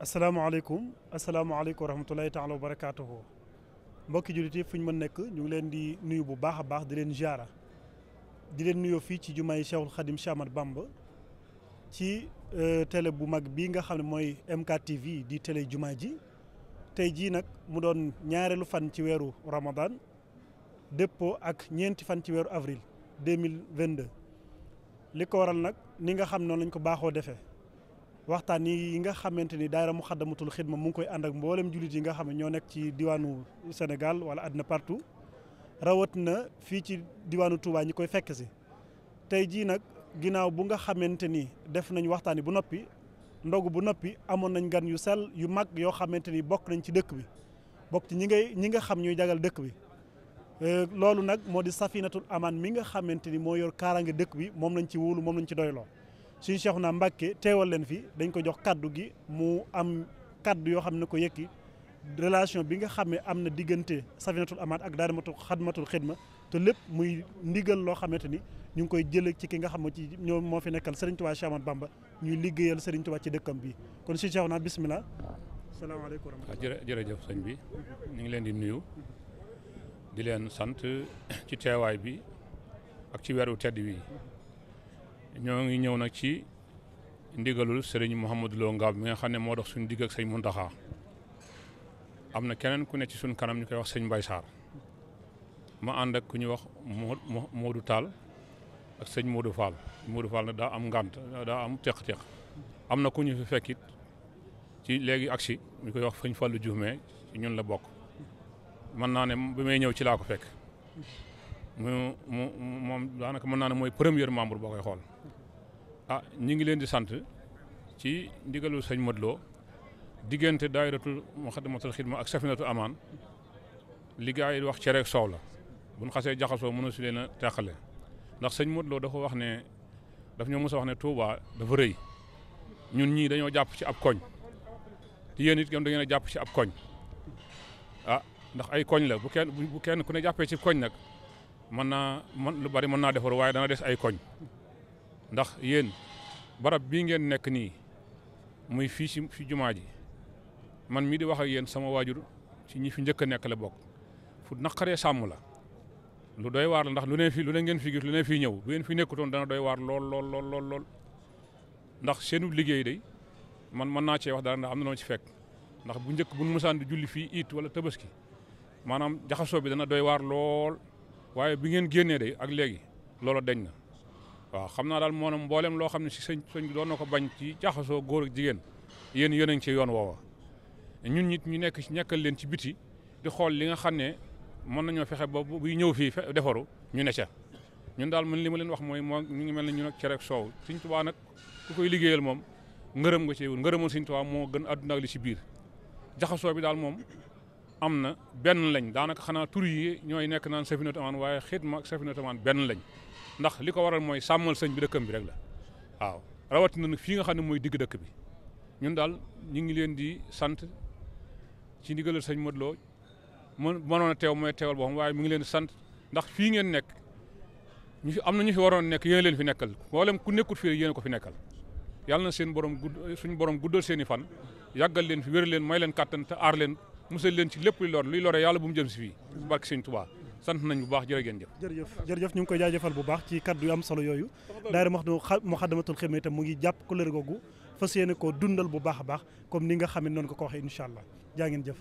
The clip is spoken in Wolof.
asalaamaaleykum asalaamaaleykum wa rahmatulahi taala wa barakaatuhu mbokki jullit yi fu ñu mën nekk ñu ngi leen di nuyu bu baax a baax di leen jaara di leen nuyoo fii ci jumaa yi Cheikhul Khadim Cheikh Ahmadou Bamba ci euh, télé bu mag bii nga xam ne mooy MKTV di télé juma ji tey jii nag mu doon ñaareelu fan ci weeru Ramadan dëppoo ak ñeenti fan ci weeru avril deux mille vingt-deux li ko waral nag ni nga xam noonu lañ ko baaxoo defee waxtaan yi nga xamante ni daayira Muxaddamatul Xidma mu ngi koy ànd ak mboolem jullit yi nga xam ne ñoo nekk ci diwaanu Sénégal wala àddina partout rawat na fii ci diwaanu Touba ñi koy fekk si tey jii nag. ginnaaw bu nga xamante ni def nañ waxtaan bu noppi ndogu bu noppi amoon nañ gan yu sell yu mag yoo xamante ni bokk nañ ci dëkk bi bokk ci ñi ngay ñi nga xam ñuy jagal dëkk bi euh, loolu nag moo di safinatul amaan mi nga xamante ni moo yor kaaraange dëkk bi moom lañ ci wóolu moom lañ ci doyloo suñu Cheikhouna Mbacké teewal leen fi dañ ko jox kaddu gi mu am kaddu yoo xam ne ko yëkki relation bi nga xamee am na diggante Safinatul Amaan ak Daa'iratul Xadmatul Xidma te lépp muy ndigal loo xamante ni ñu ngi koy jëlee ci ki nga xam ne ci ñoom moo fi nekkal Serigne Touba Cheikh Ahmadou ñuy liggéeyal Serigne Touba ci dëkkam bi kon si Cheikh naa bisimilah. salaamaaleykum wa rahmatulah. Ah, jërëjëf sëñ bi ñu ngi leen di nuyu di leen sant ci teewaay bi ak ci weeru tedd wi ñoo ngi ñëw nag ci ndigalul Serigne Mouhamadou Lo Ngab mi nga xam ne moo dox suñ digg ak sëñ Muntaxa am na keneen ku nekk ci suñ kanam ñu koy wax sëñ Mbay Saar ma ànd ku ñuy wax Modou taal ak sëñ Modou Fall Modou Fall nag daa am ngànt daa am teq-teq am na ku ñu fi fekkit ci léegi aksi ñu koy wax fañ fàllu juume ci ñun la bokk mën naa ne bi may ñëw ci laa ko fekk mu mu moom daanaka mën naa ne mooy premier membre boo koy xool ah ñu ngi leen di sant ci ndigalu sëñ Modou Lo diggante daayiratul muxaddamatul xidma ak safinatu amaan liggéey wax cere ak soow la bu xasee jaxasoo mën si leen a teqale ndax sëñ Modou Lo dafa wax ne daf ñoo mos a wax ne Touba dafa rëy ñun ñii dañoo jàpp ci ab koñ te yéen it gam da jàpp ci ab koñ ah ndax ay koñ la bu kenn ku ne jàppee ci koñ nag mën naa mën lu bari mën naa defar waaye dana des ay koñ ndax yéen barab bii ngeen nekk nii muy fii ci fi jumaa ji man mii di wax ak yéen sama waajur ci ñi fi njëkk nekk la bokk fu naqaree sàmm la lu doy waar la ndax lu ne fi lu ne ngeen fi lu ne fii ñëw bu ngeen fi nekkutoon dana doy waar lool lool lool lool ndax seenu liggéey day man mën naa cee wax dara ndax am na loo ci fekk ndax bu njëkk bu nu musaan di julli fii it wala tabaski maanaam jaxasoo bi dana doy waar lool waaye bi ngeen génnee day ak léegi loola deñ na waaw xam naa daal moom mboolem loo xam ne si sëñ sëñ doon na ko bañ ci jaxasoo góor ak jigéen yéen yéen a ngi yoon woowa ñun nit ñu nekk nekkal leen ci biti di xool li nga xam ne mën nañoo fexe ba buy ñëw fii defaru ñu ne ca ñun daal man li ma leen wax mooy moo ñu ngi mel ne ñun ak cere ak soow Sëñ Tuubaa nag ku koy liggéeyal moom ngërëm nga ci wul ngërëmal moo gën àdduna ak biir jaxasoo bi daal moom am na benn lañ daanaka xanaa tur yi ñooy nekk naan Safinatoul Amaan waaye Xidma ak Safinatoul Amaan benn lañ ndax li ko waral mooy sàmmal sëñ bi dëkkam bi rek la waaw rawatina nag fii nga xam ne mooy digg dëkk bi ñun daal ñu ngi leen di sant ci ndigalal sëñ Modou Lo mën mënoon a teew mooy teewal boo xam waaye mu ngi leen sant ndax fii ngeen nekk ñu fi am na ñu fi waroon nekk yéen leen fi nekkal mboolem ku nekkut fii yéen ko fi nekkal yàlla na seen borom gudd suñu borom guddal seen fan yàggal leen fi wér leen may leen kàttan te aar leen musal leen ci lépp luy lor li lore yàlla bu mu jëm si fii barke sëñ Tuubaa sant nañ bu baax jërë jëf jërëjëf koy jaajëfal bu baax ci kaddu yu am solo yooyu daayira Muxaddamatul Xidma ngi jàpp ko lër googu fas yéene ko dundal bu baax a baax comme ni nga xam ne noonu ko ko waxee incha allah jaa ngeen jëf.